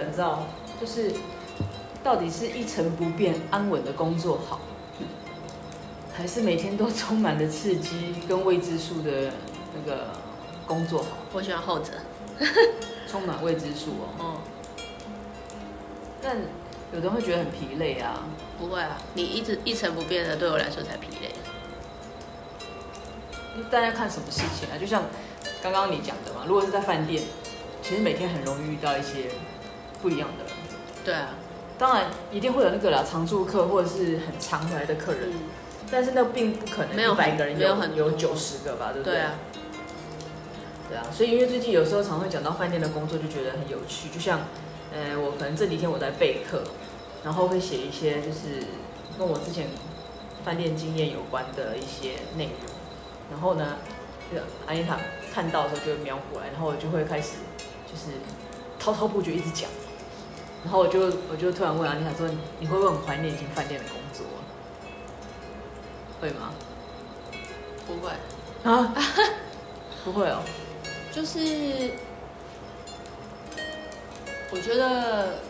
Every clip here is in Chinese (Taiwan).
你知道，就是，到底是一成不變安穩的工作好，還是每天都充滿了刺激跟未知數的那個工作好？我喜歡後者， 充滿未知數哦、嗯。但有的人會覺得很疲累啊？不會啊，你一直一成不變的對我來說才疲累。大家看什麼事情啊？就像剛剛你講的嘛，如果是在飯店，其實每天很容易遇到一些。不一樣的，對啊，當然一定會有那個啦，常住客或者是很常回來的客人，嗯，但是那並不可能，沒有一百個人有，有九十個吧，對不對，對、啊？對啊，所以因為最近有時候常，常會講到飯店的工作，就覺得很有趣。就像，呃，我可能這幾天我在備課，然後會寫一些就是跟我之前飯店經驗有關的一些內容，然後呢，阿妮塔看到的時候就會瞄過來，然後我就會開始就是滔滔不絕一直講。然後我就我就突然問阿、啊、你想說你會不會很懷念以前飯店的工作？會嗎？不會啊， 不會哦。就是我覺得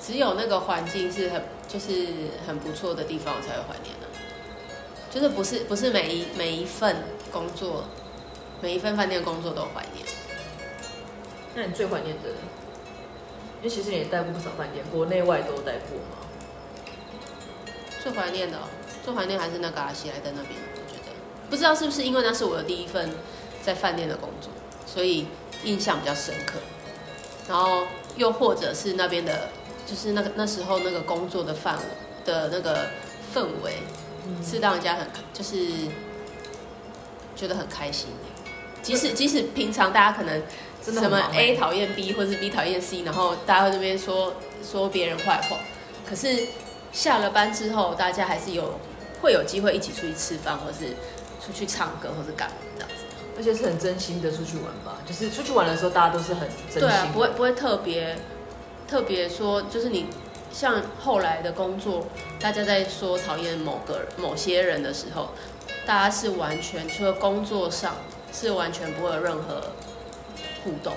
只有那個環境是很就是很不錯的地方，我才會懷念的、啊。就是不是不是每一每一份工作，每一份飯店的工作都懷念。那你最懷念的？因為其實你也帶過不少飯店過，國內外都帶過嘛。最懷念的，哦，最懷念還是那個阿西來在那邊，我覺得不知道是不是因為那是我的第一份在飯店的工作，所以印象比較深刻。然後又或者是那邊的，就是那個那時候那個工作的氛的那個氛圍，嗯，是讓人家很就是覺得很開心，即使即使平常大家可能。什麼 A 討厭 B，或是 B 討厭 C，然後大家會這邊說說別人壞話。可是下了班之後，大家還是有會有機會一起出去吃飯，或是出去唱歌，或是幹嘛這樣子。而且是很真心的出去玩吧，就是出去玩的時候，大家都是很真心。對啊，不會不會特別特別說，就是你像後來的工作，大家在說討厭某個人某些人的時候，大家是完全除了工作上是完全不會有任何。互動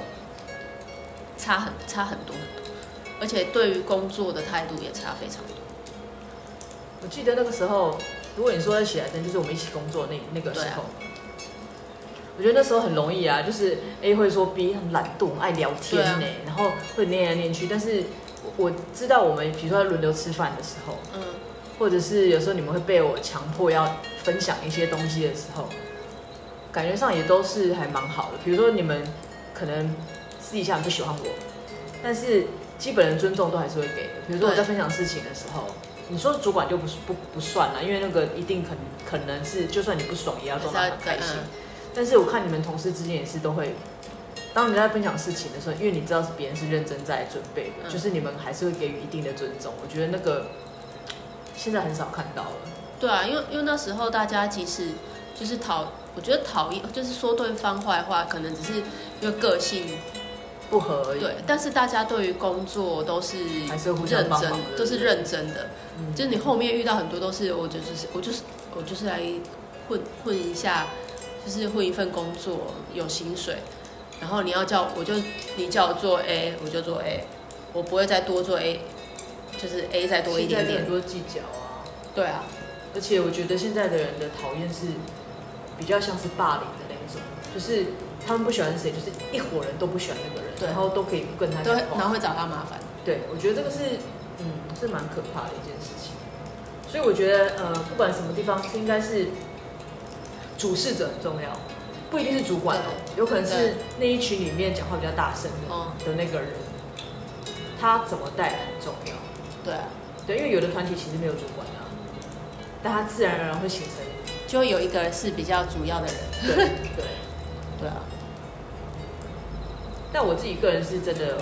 差很差很多，很多，而且對於工作的態度也差非常多。我記得那個時候，如果你說喜來登，就是我們一起工作那那個時候，啊，我覺得那時候很容易啊，就是 A 會說 B 很懶惰、愛聊天呢、啊，然後會念來念去。但是我，我知道我們，比如說要輪流吃飯的時候，嗯，或者是有時候你們會被我強迫要分享一些東西的時候，感覺上也都是還蠻好的。比如說你們。可能私底下不喜歡我，但是基本的尊重都還是會給的。比如說我在分享事情的時候，你說主管就不不不算啦，因為那個一定可可能是就算你不爽也要裝得很開心、嗯。但是我看你們同事之間也是都會，當你在分享事情的時候，因為你知道是別人是認真在準備的、嗯，就是你們還是會給予一定的尊重。我覺得那個現在很少看到了。對啊，因為因為那時候大家其實就是討。我覺得討厭就是說對方壞話，可能只是因為個性不合而已。對，但是大家對於工作都是認真，是都是認真的、嗯。就是你後面遇到很多都是，我就是我就是我就是來混混一下，就是混一份工作，有薪水。然後你要叫我就你叫我做 A，我就做 A，我不會再多做 A，就是 A 再多一點點。現在多計較啊，對啊。而且我覺得現在的人的討厭是。比較像是霸凌的那種，就是他們不喜歡誰，就是一夥人都不喜歡那個人，對，然後都可以跟他講，對，然後會找他麻煩。對，我覺得這個是，嗯，是蠻可怕的一件事情。所以我覺得，呃，不管什麼地方，應該是主事者很重要，不一定是主管哦、喔，有可能是那一群裡面講話比較大聲的對對對的那個人，他怎麼帶很重要。對、啊，對，因為有的團體其實沒有主管的、啊，但他自然而然會形成。就有一個是比較主要的人， 對，對，對啊。但我自己個人是真的，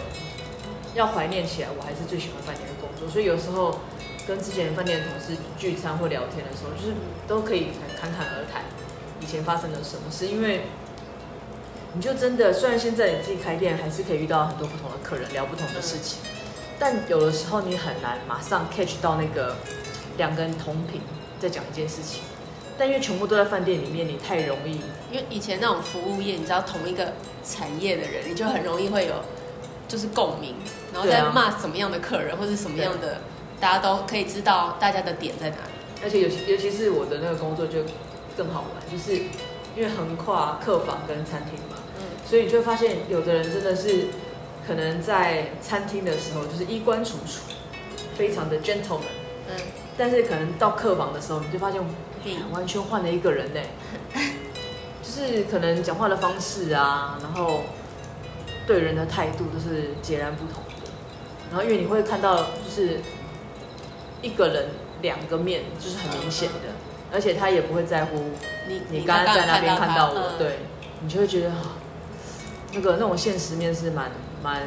要懷念起來，我還是最喜歡飯店的工作。所以有時候跟之前飯店的同事聚餐或聊天的時候，就是都可以侃侃而談以前發生了什麼事。因為你就真的，雖然現在你自己開店，還是可以遇到很多不同的客人，聊不同的事情，但有的時候你很難馬上 catch 到那個兩個人同頻在講一件事情。但因為全部都在飯店裡面，你太容易。因為以前那種服務業，你知道同一個產業的人，你就很容易會有就是共鳴，然後在罵什麼樣的客人，啊、或是什麼樣的，大家都可以知道大家的點在哪裡。而且尤其尤其是我的那個工作就更好玩，就是因為橫跨客房跟餐廳嘛、嗯，所以你就發現有的人真的是可能在餐廳的時候就是衣冠楚楚，非常的 gentleman。嗯。但是可能到客房的時候，你就發現完全換了一個人呢、欸，就是可能講話的方式啊，然後對人的態度都是截然不同的。然後因為你會看到，就是一個人兩個面，就是很明顯的，而且他也不會在乎你。你剛剛在那邊看到我，對，你就會覺得那個那種現實面是蠻蠻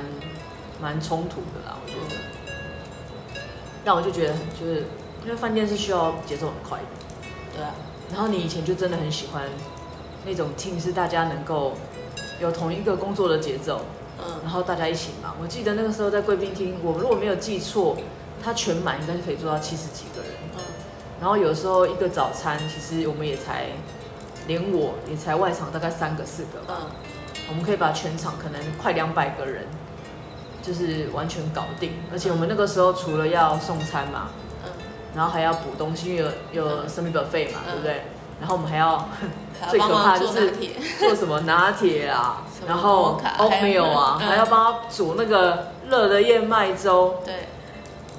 蠻衝突的啦。我覺得，那我就覺得就是。因為飯店是需要節奏很快的，對啊。然後你以前就真的很喜歡那種廳，是大家能夠有同一個工作的節奏，嗯。然後大家一起忙。我記得那個時候在貴賓廳，我如果沒有記錯，他全滿應該是可以坐到七十幾個人。嗯。然後有時候一個早餐，其實我們也才連我也才外場大概三個四個，嗯。我們可以把全場可能快兩百個人就是完全搞定。而且我們那個時候除了要送餐嘛。然後還要補東西，因為有有生命 buffet 嘛、嗯，對不對？然後我們還要，還要最可怕就是做什麼拿鐵啊， 然後歐米有啊還、嗯，還要幫他煮那個熱的燕麥粥，對，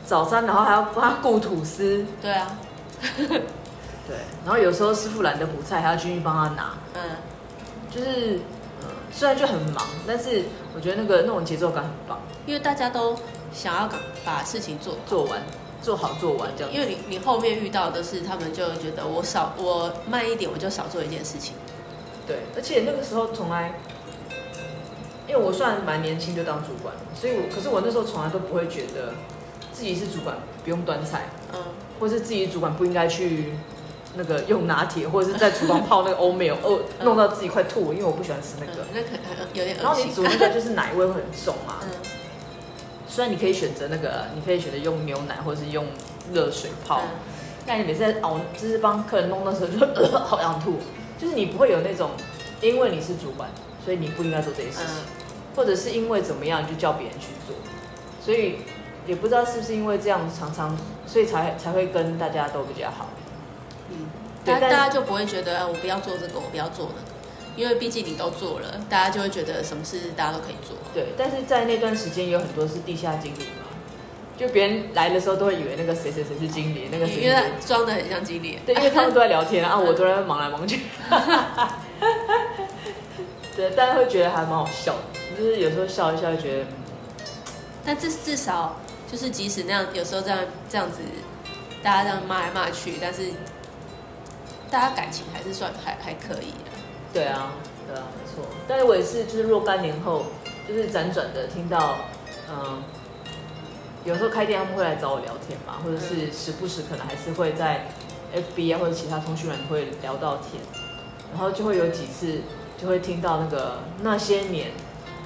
早餐，然後還要幫他顧吐司，對啊， 對，然後有時候師傅懶得補菜，還要繼續幫他拿，嗯，就是、呃、雖然就很忙，但是我覺得那個那種節奏感很棒，因為大家都想要把事情做做完。做好做完這樣子，因為你你後面遇到的是他們就覺得，我少我慢一點我就少做一件事情，對，而且那個時候從來，因為我算蠻年輕就當主管，所以我可是我那時候從來都不會覺得自己是主管不用端菜，嗯，或是自己主管不應該去那個用拿鐵，或者是在廚房泡那個歐美歐、嗯、弄到自己快吐，因為我不喜歡吃那個，嗯、那可有點噁心，然後你煮那個就是奶味很重嘛。嗯。雖然你可以選擇那個、啊，你可以選擇用牛奶，或者是用熱水泡，嗯。但你每次在熬，就是幫客人弄的時候就咳咳，就好想吐。就是你不會有那種，因為你是主管，所以你不應該做這些事情，嗯，或者是因為怎麼樣就叫別人去做。所以也不知道是不是因為這樣常常，所以才才會跟大家都比較好。嗯，對，但但大家就不會覺得、啊、我不要做這個，我不要做的、這個。因為畢竟你都做了，大家就會覺得什麼事大家都可以做。對，但是在那段時間有很多是地下經理嘛，就別人來的時候都會以為那個誰誰誰是經理，那個誰他裝的很像經理。對，因為他們都在聊天 啊，我都在忙來忙去。 對，大家會覺得還蠻好笑的，就是有時候笑一笑，就覺得。嗯、但至至少就是即使那樣，有時候這樣這樣子，大家這樣罵來罵去，但是大家感情還是算還還可以的、啊。對啊，對啊，沒錯。但是我也是，就是若干年後，就是輾轉的聽到，嗯，有時候開店他們會來找我聊天嘛，或者是時不時可能還是會在，FB 啊或者其他通訊軟件會聊到天，然後就會有幾次就會聽到那個那些年，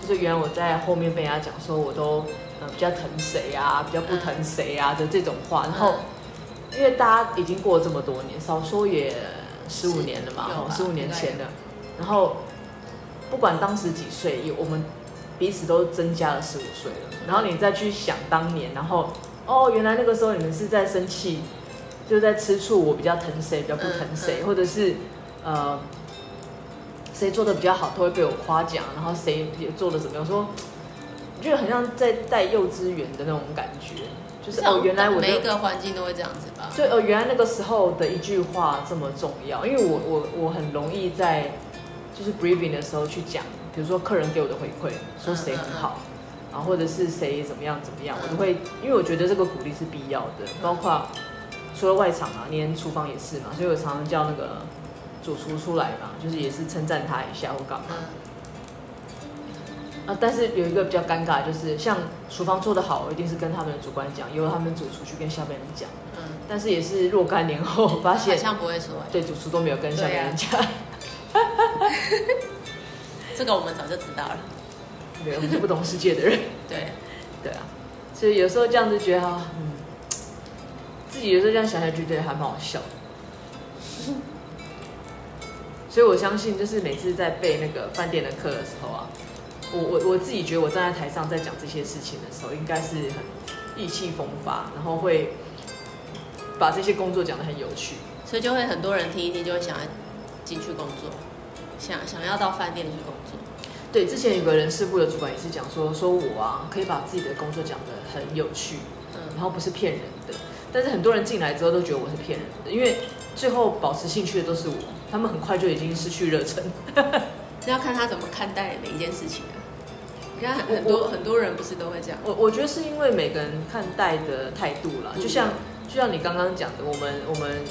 就是原來我在後面被人家講說我都嗯比較疼誰啊，比較不疼誰啊的這種話。然後因為大家已經過了這麼多年，少說也十五年了嘛，十五年前的。然後，不管當時幾歲，我們彼此都增加了十五歲了、嗯。然後你再去想當年，然後哦，原來那個時候你們是在生氣，就在吃醋，我比較疼誰，比較不疼誰，嗯嗯、或者是呃，誰做的比較好，都會被我誇獎。然後誰也做的怎麼樣？說，就很像在帶幼稚園的那種感覺，就是哦，原來我每一個環境都會這樣子吧？對哦，原來那個時候的一句話這麼重要，因為我我我很容易在。就是 briefing 的時候去講，比如說客人給我的回饋，說誰很好，然、嗯、後、嗯嗯啊、或者是誰怎麼樣怎麼樣，我都會，因為我覺得這個鼓勵是必要的。包括除了外場嘛、啊，連廚房也是嘛，所以我常常叫那個主廚出來嘛，就是也是稱讚他一下或幹嘛、嗯啊。但是有一個比較尷尬，就是像廚房做得好，我一定是跟他們的主管講，由他們主廚去跟下面人講。嗯，但是也是若干年後發現，對，主廚都沒有跟下面人講。哈哈哈這個我們早就知道了，沒有我們是不懂世界的人。 對，對啊，所以有時候這樣子覺得啊，嗯，自己有時候這樣想想就覺得還蠻好笑。所以我相信，就是每次在背那個飯店的課的時候啊，我我我自己覺得，我站在台上在講這些事情的時候，應該是很意氣風發，然後會把這些工作講得很有趣，所以就會很多人聽一聽，就會想要進去工作。想想要到飯店去工作，對，之前有個人事部的主管也是講說，說我啊可以把自己的工作講得很有趣，嗯，然後不是騙人的，但是很多人進來之後都覺得我是騙人的，因為最後保持興趣的都是我，他們很快就已經失去熱忱。 那要看他怎麼看待每一件事情啊，你看很多很多人不是都會這樣，我我覺得是因為每個人看待的態度啦，就像、嗯啊、就像你剛剛講的，我們我們。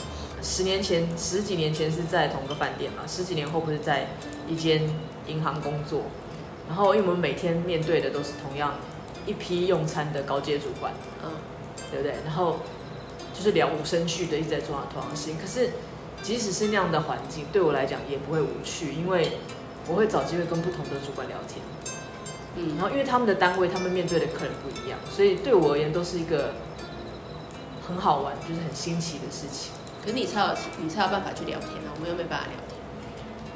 十年前，十幾年前是在同個飯店嘛，十幾年後不是在一間銀行工作，然後因為我們每天面對的都是同樣一批用餐的高階主管，嗯、哦，對不對？然後就是了無生趣的一直在做同樣的事情。可是即使是那樣的環境，對我來講也不會無趣，因為我會找機會跟不同的主管聊天，嗯，然後因為他們的單位、他們面對的客人不一樣，所以對我而言都是一個很好玩，就是很新奇的事情。就你才有你才有辦法去聊天啊！我們又沒辦法聊天，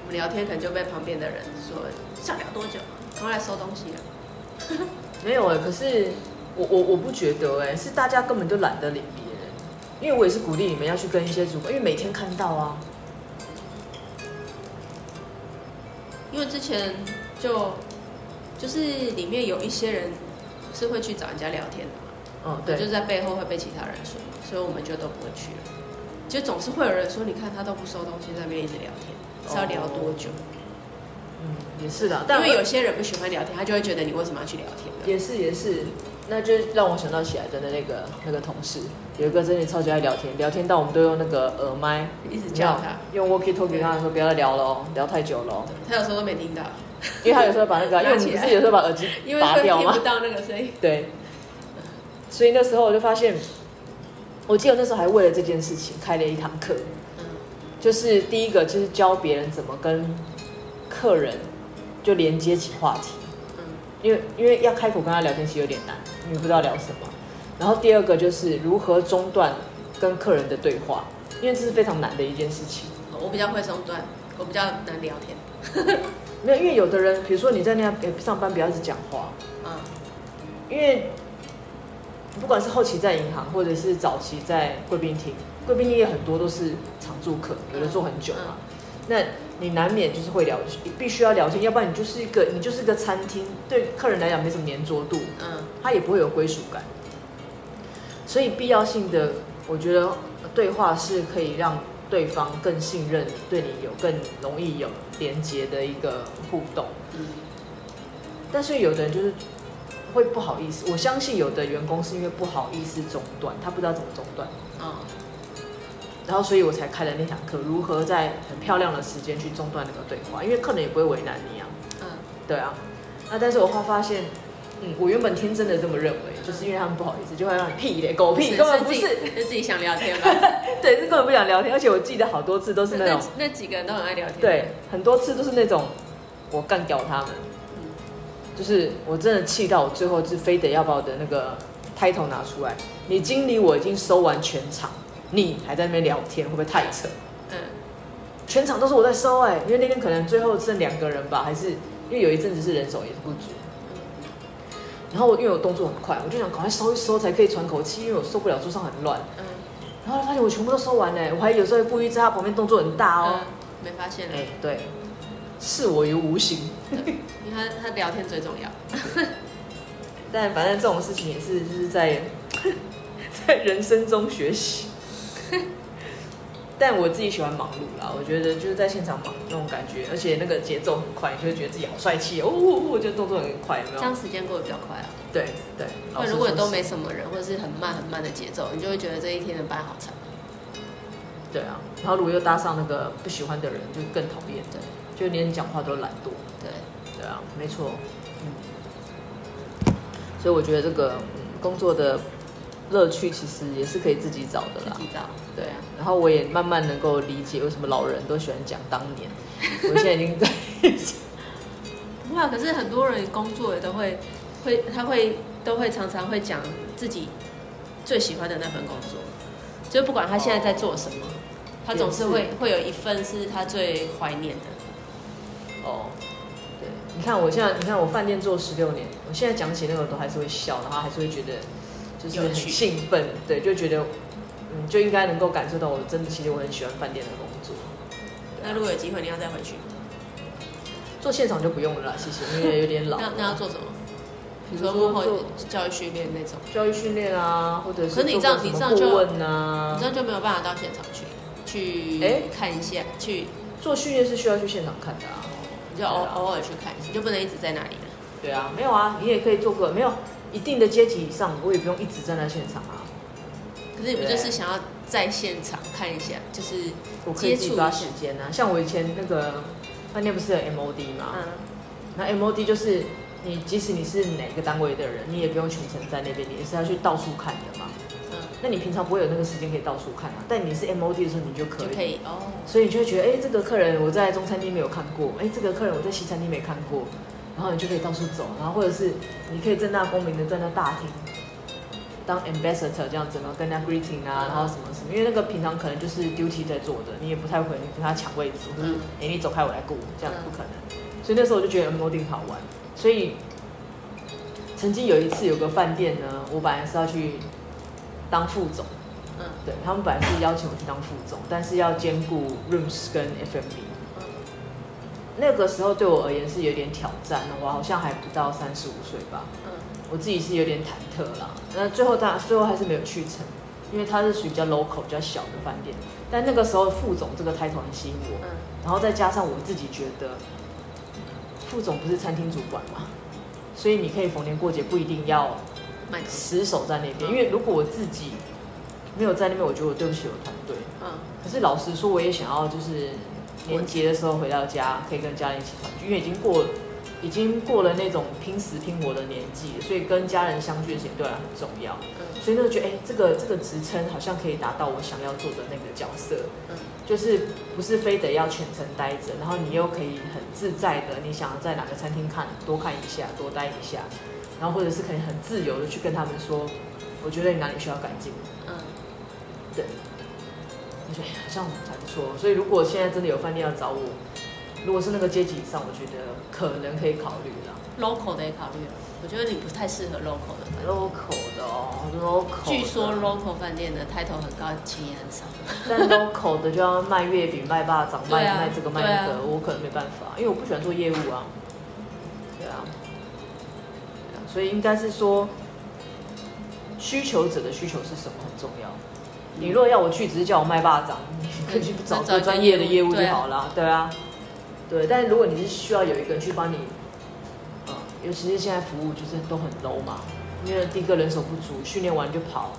我們聊天可能就被旁邊的人說、嗯，想聊多久、啊？然後來收東西了。 沒有哎、欸，可是我我我不覺得哎、欸，是大家根本就懶得理別人，因為我也是鼓勵你們要去跟一些主播，因為每天看到啊，因為之前就就是裡面有一些人是會去找人家聊天的嘛，嗯，對，就在背後會被其他人說，所以我們就都不會去了。就總是會有人說，你看他都不收東西，在那邊一直聊天，哦，是要聊多久？嗯，也是的但因為有些人不喜歡聊天，他就會覺得你為什麼要去聊天的？也是也是，那就讓我想到起來真的那個那個同事，有一個真的超級愛聊天，聊天到我們都用那個耳麥一直叫他，用 walkie-talkie 跟他說不要再聊了哦，聊太久了。他有時候都沒聽到，因為他有時候把那個， 因為你是有時候把耳機拔掉嗎？因為會聽不到那個聲音。對，所以那時候我就發現。我記得我那時候還為了這件事情開了一堂課，嗯，就是第一個就是教別人怎麼跟客人就連接起話題，嗯，因為因為要開口跟他聊天其實有點難，因為不知道聊什麼。然後第二個就是如何中斷跟客人的對話，因為這是非常難的一件事情。我比較會中斷，我比較難聊天。沒有，因為有的人，比如說你在那邊上班，不要一直講話，嗯，因為。不管是後期在銀行，或者是早期在貴賓廳，貴賓廳也很多都是常住客，有的坐很久嘛。那你難免就是會聊，必須要聊天，要不然你就是一個你就是一個餐廳，對客人來講沒什麼黏着度，嗯，他也不會有歸屬感。所以必要性的，我覺得對話是可以讓對方更信任，對你有更容易有連接的一個互動。嗯，但是有的人就是會不好意思，我相信有的員工是因為不好意思中斷，他不知道怎麼中斷。嗯、然後所以我才開了那堂課，如何在很漂亮的時間去中斷那個對話，因為客人也不會為難你啊。嗯、對啊。那、啊、但是我後來發現嗯，嗯，我原本天真的這麼認為，就是因為他們不好意思，就會讓你屁咧狗屁，根本不是，就自、自己想聊天嘛， 對，是根本不想聊天，而且我記得好多次都是那種，那、那幾個人都很愛聊天。對，很多次都是那種我幹掉他們。就是我真的氣到我最後是非得要把我的那個抬頭拿出來。你經理我已經收完全場，你還在那邊聊天，會不會太扯？嗯，全場都是我在收哎，因為那天可能最後剩兩個人吧，還是因為有一陣子是人手也不足。然後因為我動作很快，我就想趕快收一收才可以喘口氣，因為我受不了桌上很亂。嗯，然後發現我全部都收完嘞、欸，我還有時候故意在他旁邊動作很大哦，沒發現哎，對，視我於無形。你看他，他聊天最重要，但反正這種事情也是就是在在人生中學習。 但我自己喜歡忙碌啦，我覺得就是在現場忙那種感覺，而且那個節奏很快，你就會覺得自己好帥氣哦，哦，哦。我覺得動作很快，有沒有？這樣時間過得比較快啊。對對，因為如果都沒什麼人，或者是很慢很慢的節奏，你就會覺得這一天的班好長。對啊，然後如果又搭上那個不喜歡的人，就更討厭。對，就連講話都懶惰。對啊，沒錯，嗯，所以我覺得這個、嗯、工作的樂趣其實也是可以自己找的啦。自己找。對啊，然後我也慢慢能夠理解為什麼老人都喜歡講當年。 我現在已經在。哇、 啊，可是很多人工作也都會會他會都會常常會講自己最喜歡的那份工作，就不管他現在在做什麼，哦、他總是會是會有一份是他最懷念的。哦。你看我現在，你看我飯店做十六年，我現在講起那個都還是會笑，然後還是會覺得就是很興奮，對，就覺得嗯就應該能夠感受到，我真的其實我很喜歡飯店的工作。啊、那如果有機會，你要再回去做現場？就不用了啦，謝謝，因為有點老。 那那要做什麼？比如說，說幕後，教育訓練那種。教育訓練啊，或者是，可是你這樣做顧問啊。你這樣就，就沒有辦法到現場去去哎看一下，欸、去做訓練是需要去現場看的，啊。你就偶偶爾去看一下，你就不能一直在那裡。對啊，沒有啊，你也可以做個沒有一定的階級以上，我也不用一直站在現場啊。可是你不就是想要在現場看一下，啊、就是我可以擠多少時間啊。像我以前那個飯店不是有 MOD 嘛，那、嗯、MOD 就是你即使你是哪個單位的人，你也不用全程在那邊，你也是要去到處看的嘛。那你平常不會有那個時間可以到處看啊，但你是 MOD 的時候，你就可以，就可以、哦，所以你就會覺得，哎、欸，這個客人我在中餐廳沒有看過，哎、欸，這個客人我在西餐廳沒看過，然後你就可以到處走，然後或者是你可以正大光明的站在大廳當 ambassador 這樣子，然後跟他 greeting 啊、嗯，然後什麼什麼，因為那個平常可能就是 duty 在做的，你也不太會跟他搶位置，就是哎，你走開，我來顧，這樣不可能。嗯、所以那時候我就覺得 MOD 好玩。所以曾經有一次有個飯店呢，我本來是要去。當副總，嗯，對，他們本來是邀請我去當副總，但是要兼顧 rooms 跟 F&B，那個時候對我而言是有點挑戰的，我好像還不到三十五歲吧，嗯，我自己是有點忐忑啦，那最後當最後還是沒有去成，因為它是屬於比較 local、比較小的飯店，但那個時候副總這個 title 很吸引我，嗯，然後再加上我自己覺得，副總不是餐廳主管嘛，所以你可以逢年過節不一定要死守在那邊，嗯，因為如果我自己沒有在那邊，我覺得我對不起我團隊，嗯。可是老實說，我也想要就是年節的時候回到家，可以跟家人一起團聚，因為已經過已經過了那種拼死拼活的年紀，所以跟家人相聚的時間對很重要。嗯、所以那時覺得，哎、欸，這個這個職稱好像可以達到我想要做的那個角色。嗯、就是不是非得要全程待着，然後你又可以很自在的，你想要在哪個餐廳看多看一下，多待一下。然後或者是可以很自由的去跟他們說，我覺得你哪裡需要改進。嗯，對，我覺得好像還不錯。所以如果現在真的有飯店要找我，如果是那個階級以上，我覺得可能可以考慮啦。Local 的也考慮了，我覺得你不太適合 Local 的。Local 的哦，Local 的。據說 Local 飯店的抬頭很高，情也很少。 但 Local 的就要賣月餅、賣爸爪、賣、啊、賣這個賣那個、啊，我可能沒辦法，因為我不喜歡做業務啊。所以應該是說，需求者的需求是什麼很重要。嗯、你若要我去，只是叫我賣霸掌，你可以找個專業的業務就好了、啊。對啊，對。但是如果你是需要有一個人去幫你、嗯，尤其是現在服務就是都很 low 嘛，因為第一個人手不足，訓練完就跑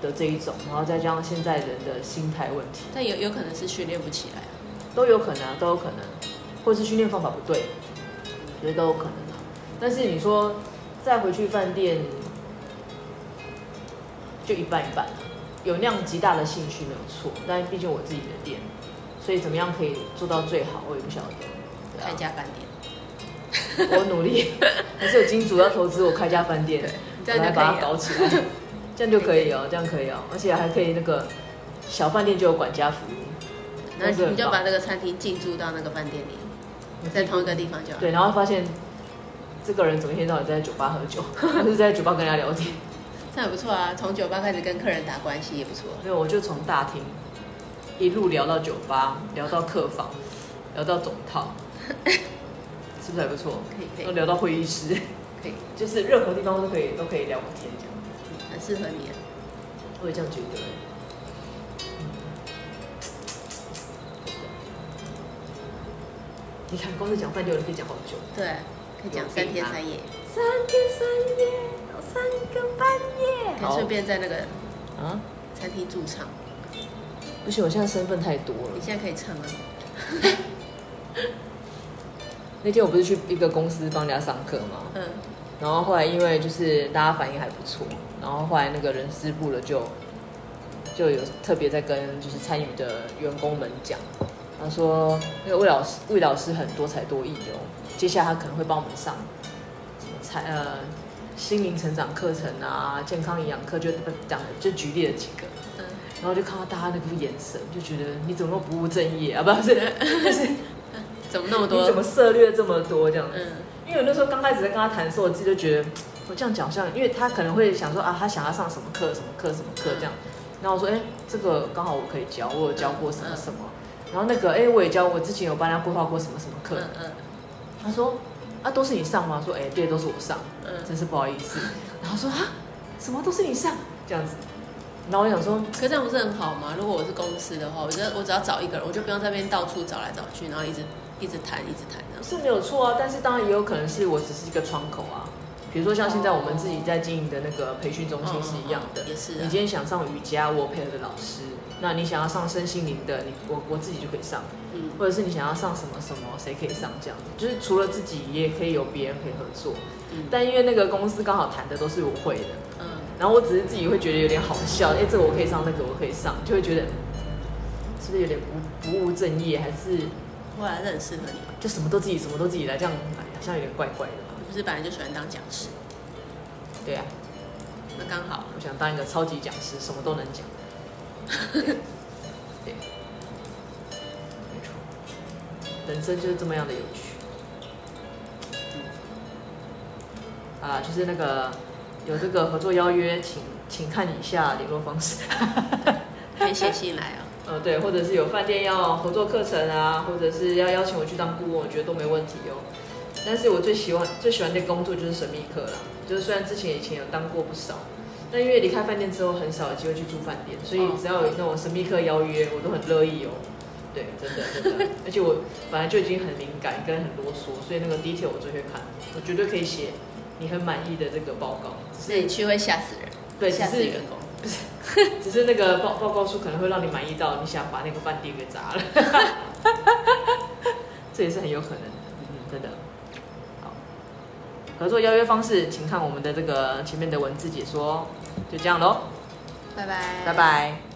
的這一種，然後再加上現在人的心態問題，但有有可能是訓練不起來啊，都有可能、啊，都有可能，或是訓練方法不對，所以都有可能、啊、但是你說。再回去飯店，就一半一半了。有那樣極大的興趣沒有錯，但畢竟我自己的店，所以怎麼樣可以做到最好，我也不曉得了，對啊。開家飯店，我努力， 還是有金主要投資我開家飯店，對，再來把它搞起來，這樣就可以，這樣就可以哦，這樣可以哦，而且還可以那個小飯店就有管家服務，那你就把這個餐廳進駐到那個飯店裡，在同一個地方就好，對，然後發現。這個人昨天到底在酒吧喝酒，還 是在酒吧跟人家聊天？這還不錯啊，從酒吧開始跟客人打關係也不錯。對，我就從大廳一路聊到酒吧，聊到客房， 聊到總套， 是不是還不錯？可以可以。又聊到會議室，可以， 就是任何地方都可以都可以聊天這樣。很適合你、啊，我也這樣覺得、嗯對對。你看，光是講飯店就可以講好久。對、啊。可以講三,三,三天三夜，三天三夜三更半夜。可以順便在那個餐廳啊，餐廳駐場。不行，我現在身份太多了。你現在可以唱嗎、啊？ 那天我不是去一個公司幫人家上課嗎？嗯。然後後來因為就是大家反應還不錯，然後後來那個人事部的就就有特別在跟就是參與的員工們講，他說那個魏老師魏老師很多才多藝哦、喔。接下來他可能會幫我們上，才呃心靈成長課程啊，健康營養課，就講就舉例了幾個、嗯，然後就看到大家那個眼神，就覺得你怎麼那麼不務正業啊？不是，但、嗯就是、嗯、怎麼那麼多？你怎麼涉獵這麼多？這樣子，嗯，因為我那時候剛開始在跟他談的時候，我自己就覺得我這樣講，像因為他可能會想說啊，他想要上什麼課，什麼課，什麼課這樣、嗯，然後我說，哎、欸，這個剛好我可以教，我有教過什麼、嗯嗯、什麼，然後那個，哎、欸，我也教，我之前有幫他規劃過什麼什麼課，嗯嗯他說，啊，都是你上嗎？說，哎、欸，對，都是我上，嗯，真是不好意思。嗯、然後說啊，什麼都是你上這樣子。然後我想說，可這樣不是很好嗎？如果我是公司的話，我覺得我只要找一個人，我就不用在那邊到處找來找去，然後一直一直談，一直談。是沒有錯啊，但是當然也有可能是我只是一個窗口啊。比如說像現在我們自己在經營的那個培訓中心是一樣的，哦哦哦哦、也是、啊。你今天想上瑜伽，我配合的老師。那你想要上身心靈的，你我我自己就可以上、嗯，或者是你想要上什麼什麼，誰可以上這樣子，就是除了自己也可以有別人可以合作、嗯。但因為那個公司剛好談的都是我會的，嗯，然後我只是自己會覺得有點好笑，哎、嗯欸，這個我可以上，那、這個我可以上、嗯，就會覺得是不是有點不不務正業？還是，我來很適合你，就什麼都自己什麼都自己來，這樣買好像有點怪怪的。我、就、不是本來就喜歡當講師？對啊，那剛好，我想當一個超級講師，什麼都能講。 對，沒錯，人生就是這麼樣的有趣。啊，就是那個有這個合作邀約，請請看以下聯絡方式。可以寫信來哦。對，或者是有飯店要合作課程啊，或者是要邀請我去當顧問，我覺得都沒問題喲、哦、但是我最喜歡最喜歡的工作就是神秘客啦，就是雖然之前以前有當過不少。但因為離開飯店之後，很少有機會去住飯店，所以只要有那種神秘客邀約，我都很樂意哦。對，真的真的， 而且我本來就已經很敏感跟很囉嗦，所以那個 detail 我最會看，我絕對可以寫你很滿意的這個報告。所以你去會嚇死人，對，嚇死員工，只是那個報報告書可能會讓你滿意到你想把那個飯店給砸了。 這也是很有可能，嗯，真的。好，合作邀約方式，請看我們的這個前面的文字解說。就這樣嘍，拜拜，拜拜。